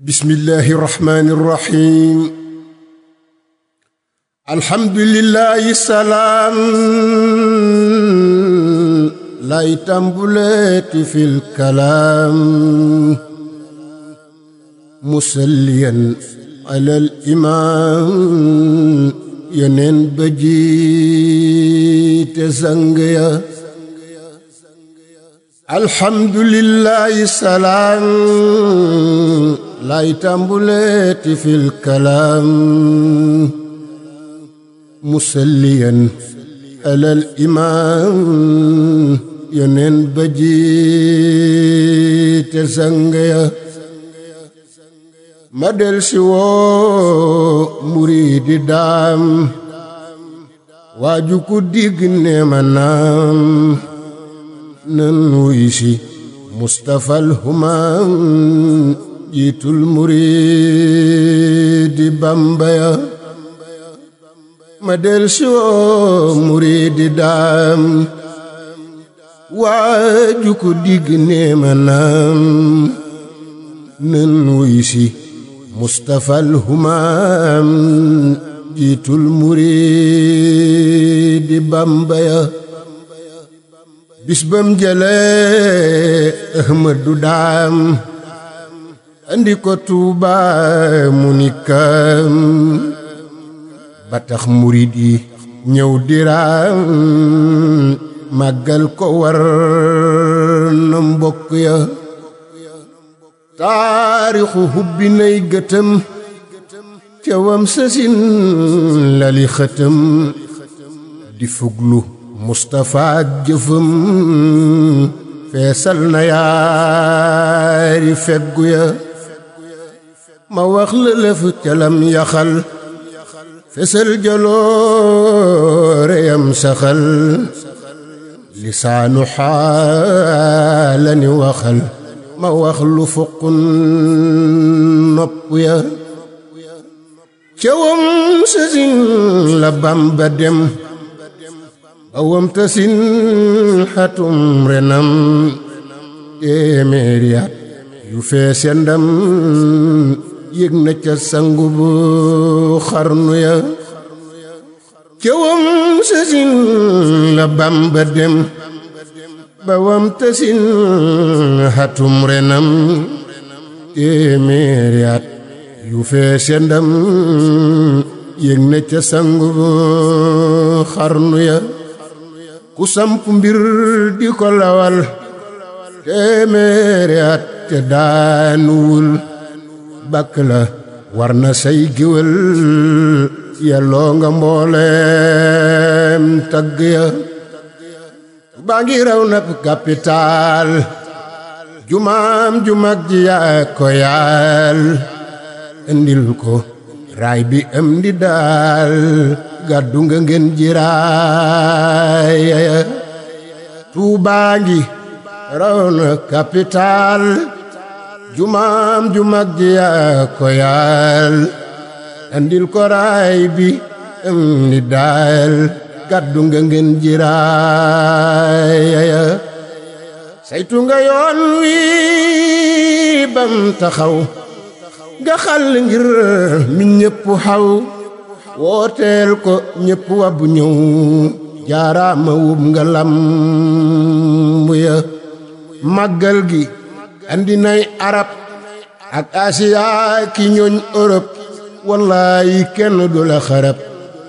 bismillahi irrahmani irrahim alhamdulillahi salaam lay tàmbuleeti fil kalaam musalliyan alal imaam yeneen ba jiite sang ya alhamdulillahi salaam lay tàmbuleeti fil kalaam musalliyan alal imaam yoneen ba jiite sanga si woo muriidi daam waaju ku digg ne naam nan wuy si mustafal humaam jiitul muridi bambaya ma del siwoo muridi daam waaju ko digg néema naam nen wuy si mustafal humaam jiitul muridi bambaya bis bam jële ahmadu daam andi ko Tuuba mu ni kam ba tax murid yi ñëw diraam màggal ko war na mbokk ya taarixu hubbi nay gëtëm cawam sësin lali xëtëm di fuglu Mustafa ak feesal na yaari feggu ya ma wax la lëf calam yaxal fesal jalooreyam saxal lisaanu xaalani waxal ma wax lu foqun nopp ya cawam sasin la bamba dem bawam tasin xatum renam téeméeri at yu feese ndam yëg na ca sangu xarnu ya cëwam sësin la bamba dem bawam tësin xatum renam téeméeri yu feese ndam yëg na ca sangu xarnu ya ku samp mbir di ko lawal téeméeri te daanuwul bàkk la war na say géwél yelloo nga mbooleem tagg ya baa ngi raw na capital jumaam ju ji yaa ko yaal indil ko raay bi am di daal gàddu nga ngeen ji raay Tuubaa ngi raw na capital jumaam ju mag ji yaa ko yaal andil ko raay bi ni daayal gàddu nga ngeen ji raaya saytu nga yoon wi bam taxaw nga xal ngir mi ñépp xaw wooteel ko ñépp wabu ñëw jaaraama wub nga lamb ya màggal gi andi arab ak asiya ki ñooñ Europe wallaay kenn du la xarab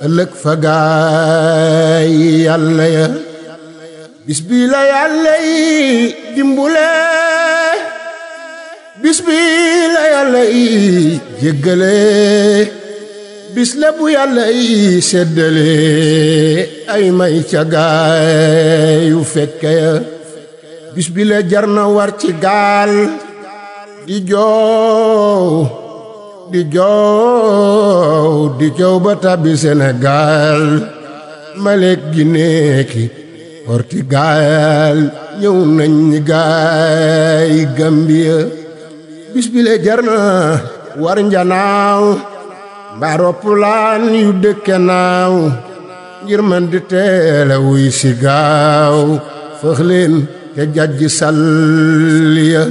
ëllëg fa gaay yàlla ya bis bi la yàlla yi dimbule bis bi la yàlla yi jéggale bis la bu yàlla yi seddale ay may ca gaay yu fekke ya bis bi jar na war ci gaal di joow di joow di joow ba tàbbi Sénégal Malek Guinée ki Portugal ñëw nañ ñi gaay Gambia bis bi la jar na war njanaaw mbaa yu dëkke naaw ngir man di teela wuy si gaaw fëx te jajji salliya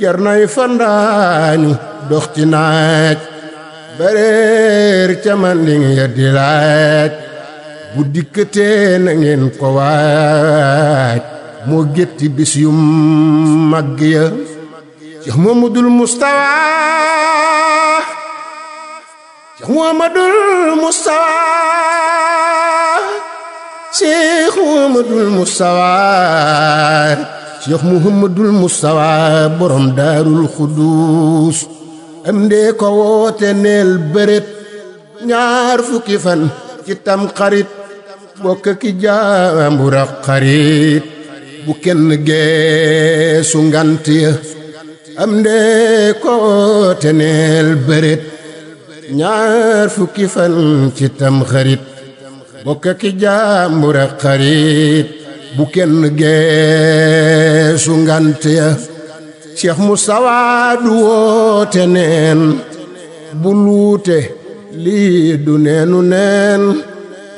jar nay fandaani dox ci naaj bareer ca manding ya di laaj bu dikkatee na ngeen ko waaj moo gétti bis yu màgg ya Cheikh Mamadul Mustafa Cheikh Mamadul cheikh Muhammadul Mustafa cheikh Muhammadul Mustafa borom daarul xuduus am ndee ko woote neel bërét ñaar fukki fan ci tam xarit bokk ki jaambur ak xarit bu kenn geesu ngant ya am ndee ko neel bërét ñaar fukki fan ci tam xarit bokk ki jaambur ak bu kenn geesu ngant ya Cheikh Moustapha du woote neen bu luute lii du neenu neen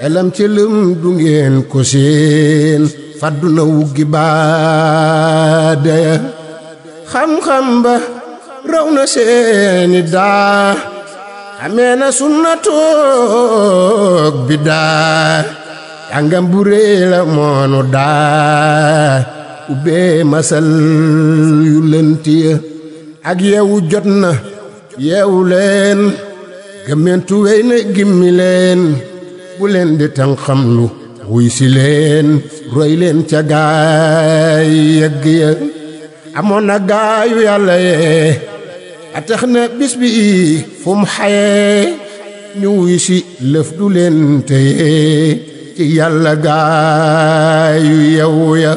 elam ci lëm du ngeen ko seen faddu na wuggi baade ya xam-xam ba raw na seeni daa ameena sunna toog bi daa jàngam bu rëy moonu daa ubbee masal yu lëntiya ak yeewu jot na yeewu leen gëmmentu wey na gimmi leen bu leen di tan xamlu leen roy leen ca gaay yëgg ya amoon na gaayu yàlla yee atax na bis bi fu mu xayee ñu wuy si lëf du leen téye ci yàlla gaayu yewu ya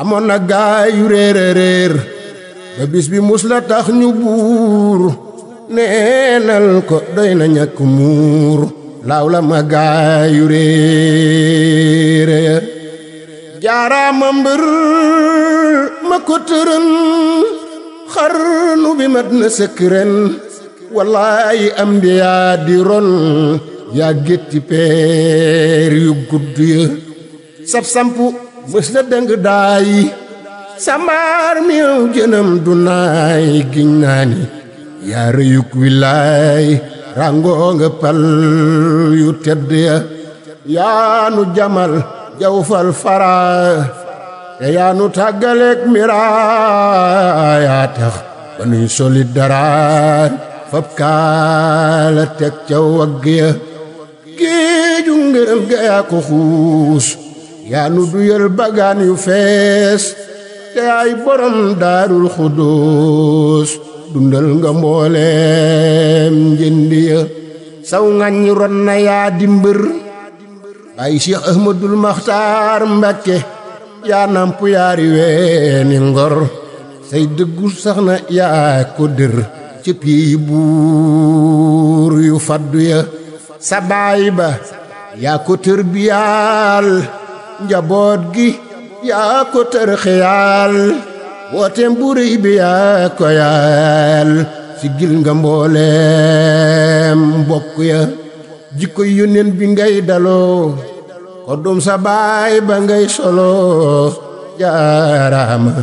amoon na gaayu réer a réer ba bis bi mus la tax ñu buur neenal ko doy na ñàkk muur laaw la ma gaayu réer ya jaaraama mbër ma ko tërën xarnu bi mat na sëkk ren wallaay am di yaa di ron yaa gétti peer yu gudd ya sab samp mës na dëng daay sambaar mi yow jënam du naay giñ naa ni yaa rëyuk wilaay ràngoo nga pal yu tedd ya yaa nu jamal jawfal faraa te yaa nu tàggaleeg miraay tax ba nuy solit daraan fab kaala teg ca wagg ya géeju ngërëm ga yaa ko xuus yaa nu duyal bagaan yu fees te ay borom daarul xuduus dundal nga mbooleem njëndi ya saw ngañ ron na yaa dimbër bàyyi Cheikh Ahmadul Maxtaar Mbakke yaa nàmp yaari weeni ngor say dëggu sax na yaa ko dër ci piyi buur yu faddu ya sa baay ba yaa ko tër biyaal njaboot gi yaa ko tër xiyaal wooteem bu rëy bi yaa ko yaal si gil nga mbooleem mbokk ya jikko yónneen bi ngay daloo koddum sa ba ngay solo jaaraama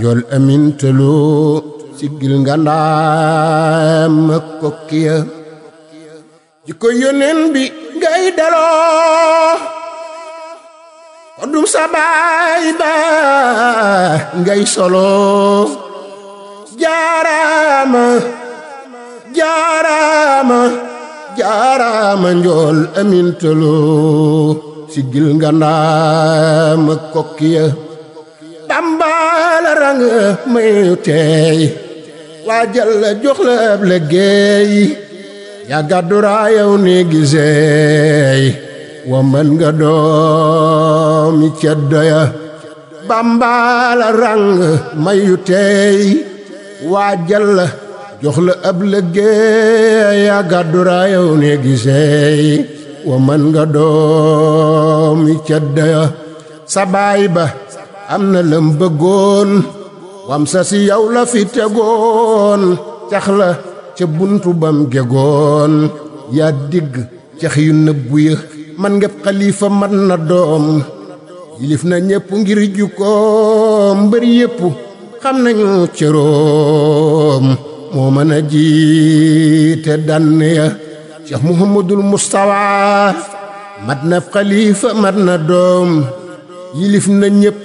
njool amintaloo siggil nga ndaama kokkiya jikko yónneen bi ngay daloo koddum sa ba ngay solo jaaraama jaaraama jaaraama njool amintaloo siggil nga ndaama kokki ya dambaala rang mayu teey waajal la jox la ab liggéey yaa gàddu raayaw ni giseey wa mën nga doomi ceddo ya bambaala rang mayu teey waajal la jox la ab liggéey yaa gàddu raayaw ni giseey wa man nga doomi ceddaya sa baay ba am na lëm bëggoon wam sa si yow la fi tegoon cax la ca buntu bam jegoon yaa digg cax yu nëbbu ya man ngeb xalifa man na doom yilif na ñépp ngir jukkoom mbër yépp xam nañu cëroom moo mën a jiite dann ya cheikh muhammadul mustawa mat na xalifa mat na doom yilif na ñépp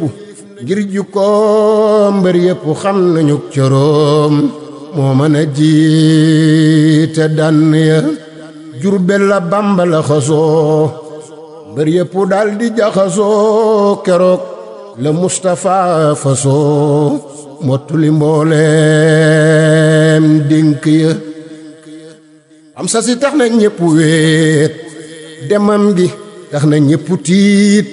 ngir jukkoo mbër yépp xam nañu coroom moo mën a jiite dànn ya jurbel la bamba la xasoo mbër yépp dal di jaxasoo keroog la mustafa fasoo mottuli mbooleem dénk ya am sa si tax na ñëpp wéet demam gi tax na ñëpp tiit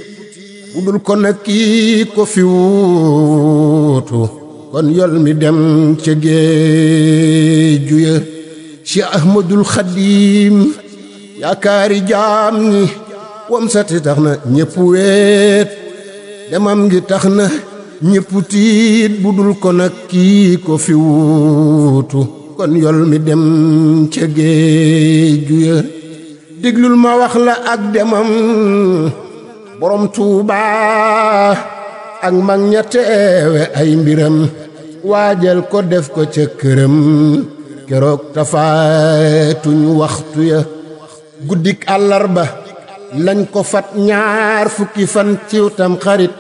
bu dul ko nag kii ko fi wuutu kon yol mi dem ca géeju ya ci ahmadul xadim yaakaari jaam ñi wam sati tax na ñëpp weet demam ngi tax na ñëpp tiit bu dul ko nag kii ko fi wuutu kon yol mi dem ca géeju ya déglul ma wax la ak demam borom tuubaa ak mag ña teewe ay mbiram waajal ko def ko ca këram keroog tafaatuñu waxtu ya guddik àllarba lañ ko fat ñaar fukki fan ciw tam xarit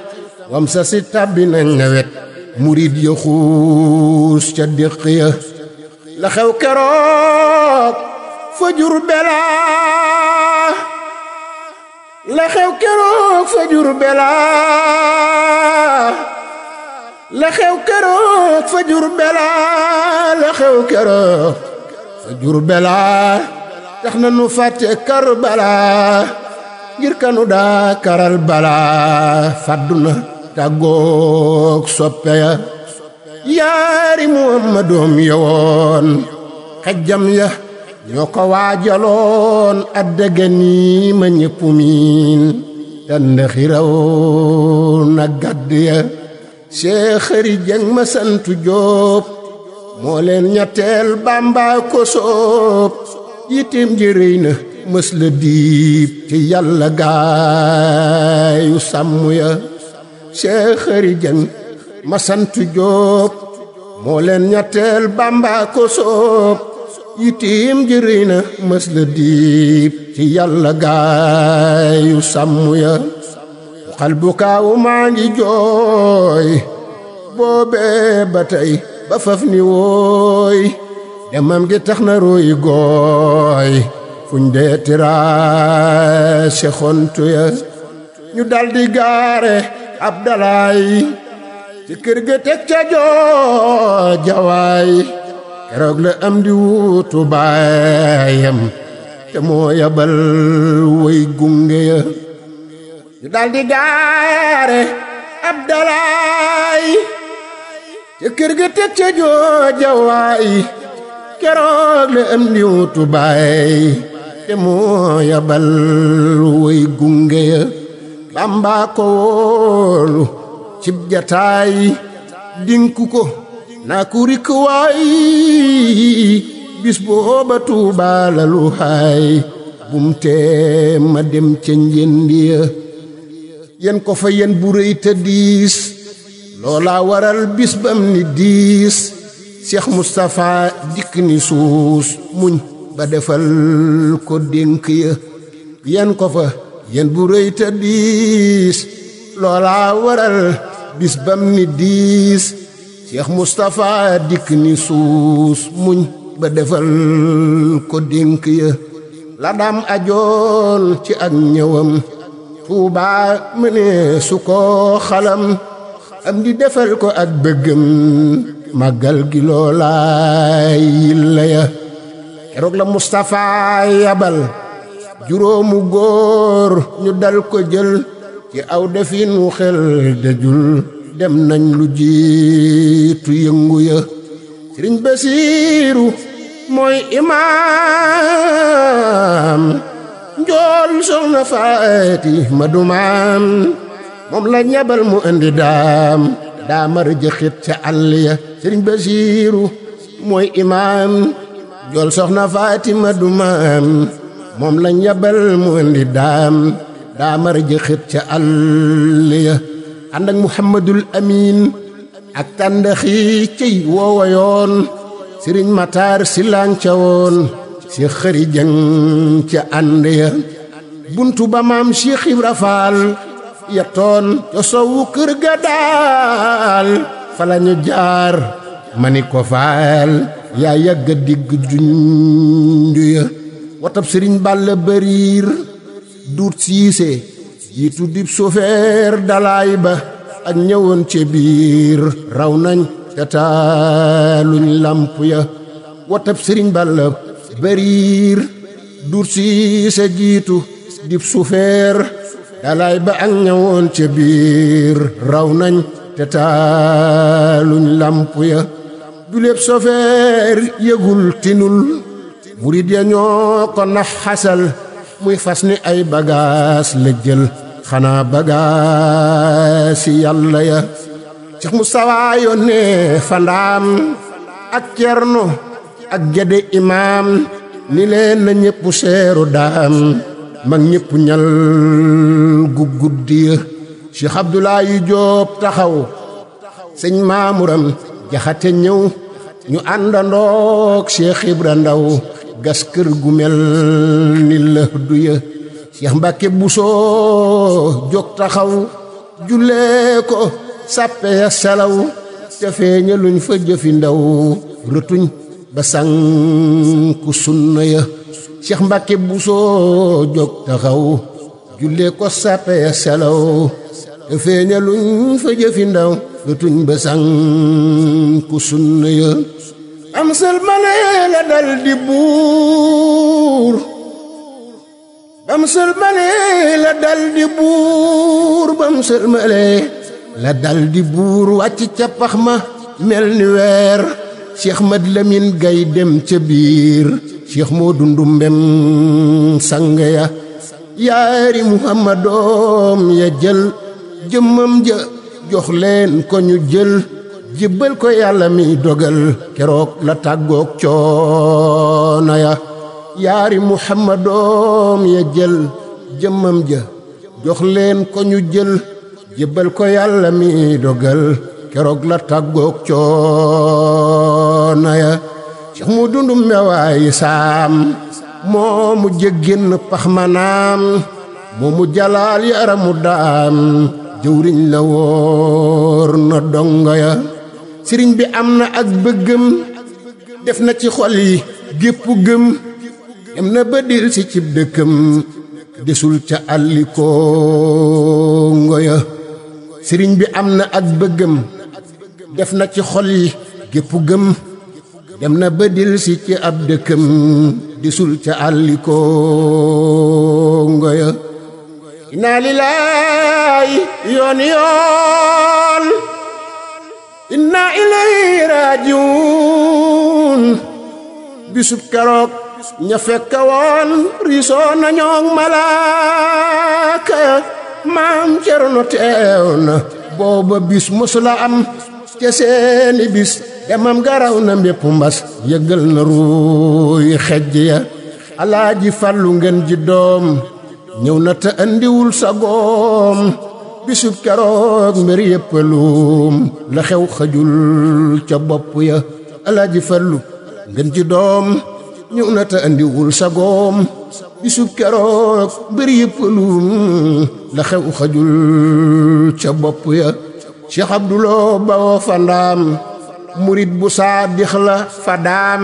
wam si tàbbi nañ nawet murid ca déq ya la xew keroog fa Jurbel la xew keroog fa Jurbel la xew keroog fa Jurbel la xew keroog fa Jurbel tax na nu fàtte Karbala ngir kanu daa karal bala fàddu na tàggoog soppe ya yaari muhammadoom yowoon xejjam ya ñoo ko waajaloon addagani ma ñëpp miin tànn xiraw na gàdd ya see xëri ma santu jóob moo leen ñetteel bàmbaa ko soob yitim ji rëy na mës la diib ci yàlla gaayu sàmm ya see xëri ma sant Jóob moo leen ñetteel Bàmba ko soob yitiim na mës la diib ci yàlla gaayu sàmm ya xal maa ngi jooy boobee ba tey ba faf ni wooy demam gi tax na ruy gooy fuñ dee tiraase xontu ya ñu daldi gaare ab dalaay ci kër ga teg jooja waay keroog la am di wuutu baayam te moo gunge ya ñu daldi gaare abdalaay ci kër ga teg jooja waay keroog la am di wuutu baay te moo yabal gunge ya bamba ko cib jataay dinku ko naa ku rik waay bis booba Tuuba la bum tee ma dem ca njëndiya yen ko fa yen bu rëy diis loola waral bis bam ni diis Cheikh Moustapha dikk ni suus muñ ba defal ko dénk ya yen ko fa yen bu rëy diis loola waral bis bam ni diis Cheikh Moustapha dikk ni suus muñ ba defal ko dénk ya la daam ajoon ci ak ñëwam Tuubaa mëne su ko xalam am di defal ko ak bëggam màggal gi loolaay yilla ya keroog la Moustapha yabal juróomu góor ñu dal ko jël ci aw definu xel dajul dem nañ lu jiitu yëngu ya sëriñ basiiru mooy imaam njool soxna faati ma dumaam moom la ñabal mu indi daam daa mara jëxit ca àll ya sëriñ mooy imaam njool soxna faati ma dumaam moom la ñabal mu indi daam daa mara jëxët ca àll ya ànd ak muhammadul amin ak tàndaxi ciy woowa yoon sëriñ mataar si ca woon si xëri jëng ca ànd ya buntu ba maam Cheikh Ibra Faal yettoon ca soowu kër ga daal fa la jaar ma ko faal yaa yàgga digg junj ya watab sëriñ Balla Bariir duut siisee jiitu dib sofeer dalaay ba ak ñëwoon ca biir raw nañ ca taaluñ làmp ya watab sëriñ balla bariir duut siisee jiitu dib sofeer dalaay ba ak ñëwoon ca biir raw nañ te taaluñ làmp ya du lépp sofeer yëgul tinul murid ya ñoo ko nax xasal muy fas ni ay bagaas la jël xanaa bagaasi yàlla ya Cheikh Moustapha yónnee fandaam ak cerno ak gede imaam ni leen na ñépp seeru daam mag ñépp ñal gu guddi ya Cheikh Abdoulaye Diop taxaw sëñ maamuram jaxate ñëw ñu àndandook Cheikh Ibra Ndaw gas kër gu mel ni lëhdu ya Cheikh Mbàkke Bousso jóg taxaw jullee ko sàppe ya salaw te feeña luñ fa jëfi ndaw rëtuñ ba sànku sunna ya Cheikh Mbàkke Bousso jóg taxaw jullee ko sàppe ya salaw te feeña fa jëfi ndaw rëtuñ ba sànku sunna ya am sëlmalee la dal buur bam la dal buur wàcc ca ma mel ni weer Cheikh Mad Lamin Gay dem ca biir Cheikh moo dundu mbem sang ya yaari Muhammadoom ya jël jëmmam ja jox leen ko ñu jël jibbal ko yàlla mi dogal keroog la tàggook coona ya yaari muhammadoom ya jël jëmmam ja jox leen ko ñu jël jibbal ko yàlla mi dogal keroog la tàggook coona ya Cheikh mu dundu mewaayi saam moo mu jéggin pax manaam moo mu jalaal yaramu daam jëwriñ la wóor na donga ya sëriñ bi am na ak bëggam def na ci xol yi gépp gëm dem na ba dil si cib dëkkam desul ca àlli ko ngoya sëriñ bi am na ak bëggam def na ci xol yi gépp gëm dem na ba si ci ab dëkkam desul ca àlli ko ngoya inaa lilaahi yoon yoon inna ilayhi raajiun bisub keroog ña fekka woon riisoo nañoog malaaka maam cerno teew na booba bis mësula am ca seeni bis demam garaw na mbépp mbas yëgal na ruuy xejj ya alaaji fàllu ngeen ji doom ñëw na te andiwul sa bisu keroog mbir yëpp luum la xew xajul ca bopp ya alaaji fallu ngën ci doom ñëw na te andiwul sagoom bisu keroog mbir yëpp luum la xew xajul ca bopp ya Cheikh Abdoulou bawoo fandaam murit bu saadix la fadaam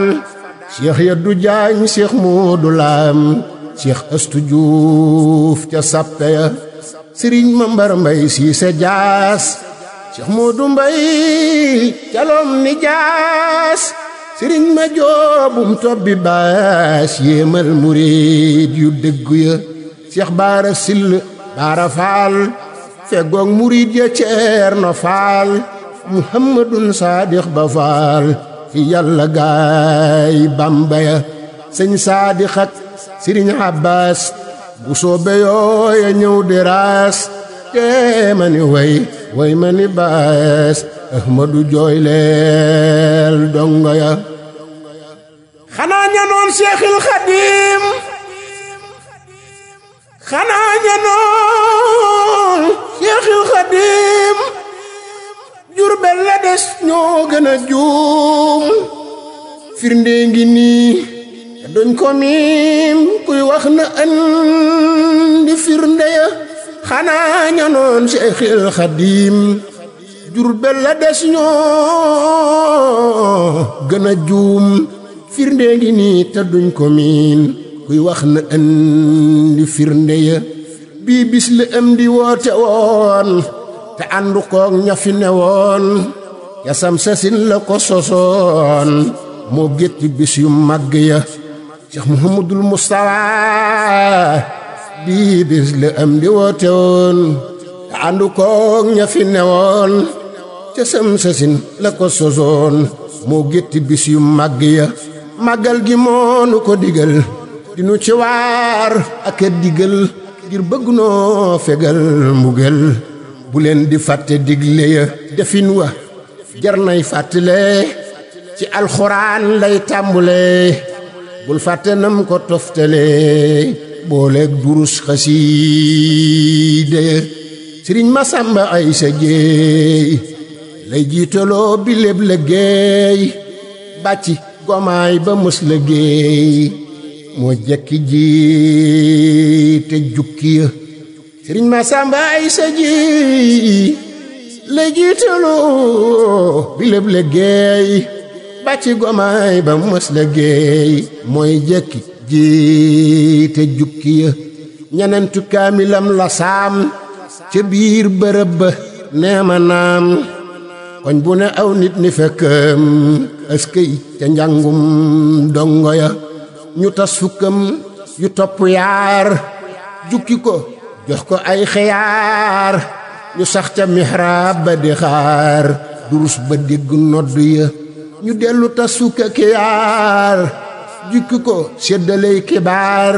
Cheikh Yaddu Jaañ Cheikh Moodu Laam Cheikh Astu Juuf ca sàppe ya sëriñ ma mbara mbay siise jaas Cheikh Modou Mbay jaloom ni jaas sëriñ ma joobum tobbi baas yéemal murid yu dëggu ya Cheikh Baara Sill Baara Faal feggoog murid ya Ceerno Faal Muhammadun Saadix ba Faal fi yàlla gaay Bamba ya sëñ Saadix ak sëriñ bu soobe yooya ñëw di raas jee ma ni way way ma ni baas ahmadu jooy leel dongo ya xanaa ñanoon seexil xadiim xanaa ñanoon seexil xadiim Jurbel la des ñoo gën a juum firnde ngi nii duñ ko miim kuy wax na andi firnde ya xanaa ñanoon Seexil Xadiim Jurbel la des ñoo gën a juum firnde ngi nii te duñ ko miin kuy wax na andi firnde ya bii bis la am di woote woon te àndu koog ña fi ne woon yasam sasin la ko sosoon moo gétti bis yu màgg ya Cheikh Mouhamadul Moustapha bii bis la am di woote woon àndu koog ña fi newoon ca sam la ko sosoon moo gétti bis yu màgg ya màggal gi moonu ko digal dinu ci waar ak digal ngir bëgg noo fegal mbugal bu leen di fàtte digle ya defin wa jar nay fàttale ci alxuraan lay tàmbule bul fàtte nam ko toftale booleeg durus xasiide sëriñ Masamba ay sa jéey lay jiitaloo bi léb liggéey bàcci gomaay ba mës liggéey moo jekki jiite jukki ya sëriñ Masamba ay sa jéey lay jiitaloo bi léb liggéey bàcc gomaay ba mës la géey mooy jëkki jiite jukki ya ñenentu kaamilam la saam ca biir bërëb ba neema naam koñ bu ne aw nit ni fekkam askëy ca njàngum dongo ya ñu tas fukkam yu topp yaar jukki ko jox ko ay xeyaar ñu sax ca mihraab ba di xaar durus ba dégg nodd ya ñu dellu tasukka kiyaar jukki ko séddaley kibaar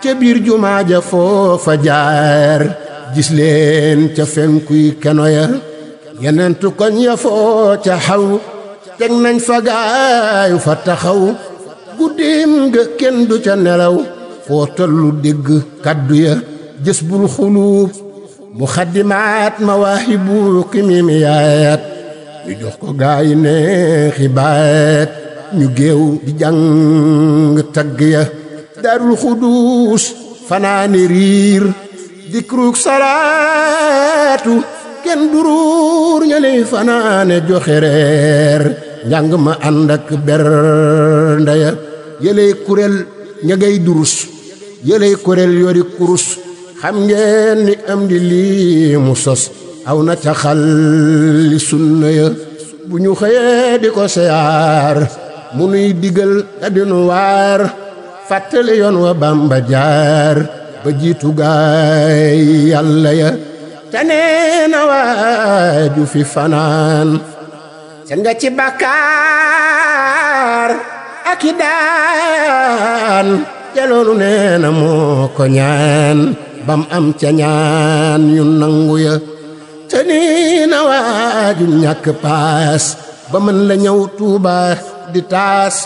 ca biir jumaa ja foofa jaar gis leen ca fenkuy keno ya yenentu koñ ya foo ca xaw teg nañ fa gaayu fa taxaw guddim nga kenn du ca nelaw foo tollu dégg kaddu ya jës bul mu xaddimaat ma waahibu kimimiyaat ñu jox ko gaay ne xibaat ñu géew di jàng tagg ya darul xuduus fanaani riir dikruk salaatu kenn duruur ñaley fanaane joxe reer njàng ma ànd ak bernde ya yëley kuréel ña ngay durus yëley kuréel yori kurus xam ngeen ni am di lii mu sos aw na ca xalli sunna ya bu ñu xëyee di ko seyaar mu nuy digal te dinu waar fàttali yoon wa bamba jaar ba jiitu gaay yàlla ya te nee waaju fi fanaan seen nga ci bàkkaar ak i daan te loolu moo ko ñaan bam am ca ñaan yu nangu ya te nii na waaju ñàkk paas ba mën la ñëw tuuba di taas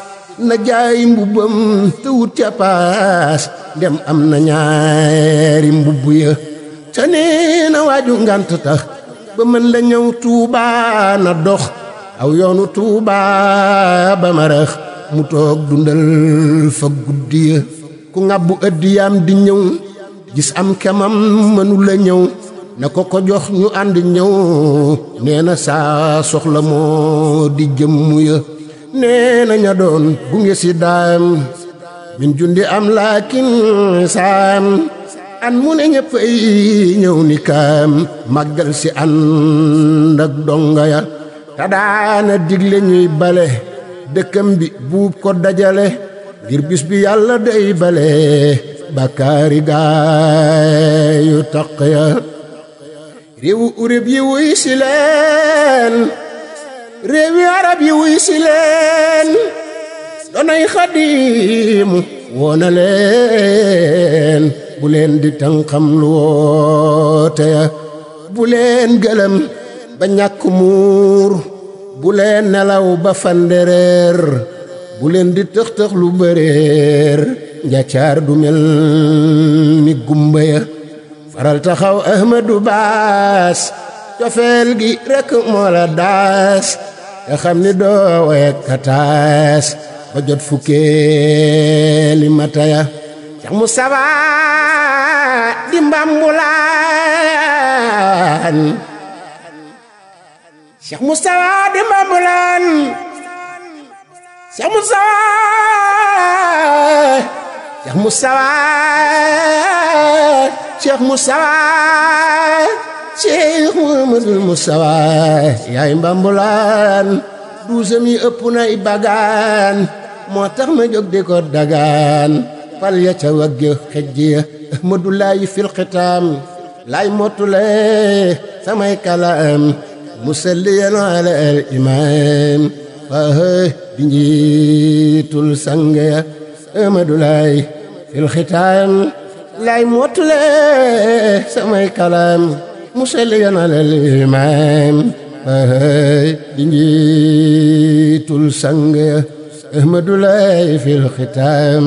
na jaay mbubbam te wut ca paas dem am na ñaari mbubb ya te nii na waaju ngant tax ba mën la ñëw tuuba na dox aw yoonu tuuba ba marax mu toog dundal fa guddi ya ku ngàbbu ëddiyaam di ñëw gis am kemam mënu la ñëw na ko ko jox ñu ànd ñëw nee na saa soxla moo di jëmm ya nee na ña doon gunge si daam min jundi am laakin saam an mu ne ñëpp ay ñëw ni kaam màggal si ànd ak donga ya te daana digle ñuy bale dëkkam bi buub ko dajale ngir bis bi yàlla day bale bàkkaari gaayu taq ya réewu urib yi wuy si leen réewi arab yi wuy si leen donay xadiimu woona bu leen di tànqam lu woote bu leen gëlëm ba ñàkk muur bu leen nelaw ba fandereer bu leen di tëx tëx lu bëreer njaacaar du mel ni gumba ya waral taxaw ahmadu baas cofeel gi rekk moo daas nga xam ni doo wek ka taas ba jot fukkeeli mataya Cheikh Moustapha di mbambulaan Cheikh Moustapha di mbambulaan Cheikh Moustapha Cheikh Moustapha Cheikh Moustapha Cheikh Mouhamadul Moustapha yaay mbambulaan duusam yi ëpp na i moo tax ma jóg di ko dagaan ya ca wagge xejji ya ahmadulaayi fil xitaam laay mottule samay kalaam musalliyan ala al imaam fa di njiitul sang ya Amadu Laay fil xitaam laay mottale samay kalaam musalliyan alal imaam di njiitul sang Amadu Laay fil xitaam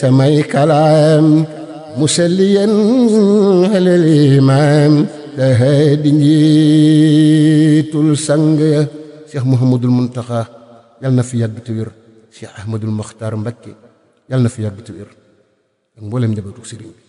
samay kalaam musalliyan alal imaam di njiitul sang Cheikh Mouhamadul Muntaxa yàlla na fi yàgg te wér Cheikh Ahmadul Mokhtar Mbacké yàlla na fi yàgg te mboole ak mbooleem njabootu sëriñ